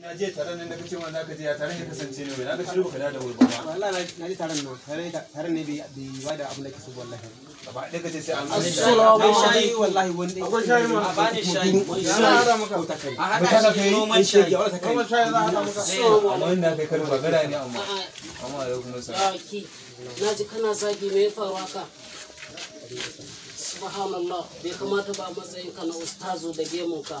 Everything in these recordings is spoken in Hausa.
na je taron nan da kace wannan ka je ya taron ya kasance ne na ga shiru baka da wuri ba. Wallahi na je taron nan ne ba abin da kake so wallahi. Gaba ɗaya sai an zo. Assalamu alaikum wallahi wani dai. Akwai shayi ma ba ni shayi. a hada maka A hada shi noman shayi. Noman shayi za a hada maka. Amma inda kai karin bagara ne amma. Amma alaikum assalam. Na ji kana zagi me ya faru Subhanallah bai kamata ba matsayin ka na ustazo da gemun ka.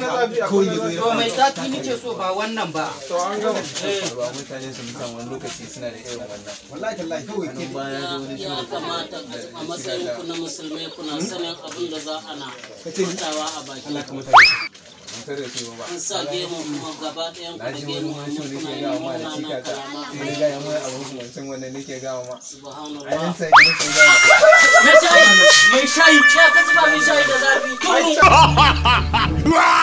kawai ya zo ya mai sati nake so ba wannan ba to an gama eh. ba mutane su mutan wani lokaci suna da irin wannan wallahi kawai ke ya kamata a matsayin ku na musulmai kuna hmm? sanin abin da za a baki Allah tare An sa gemu gaba ɗayan kuma gemu yi na ga yamma wanda nake ma. shayi, shayi, ya shayi da zafi.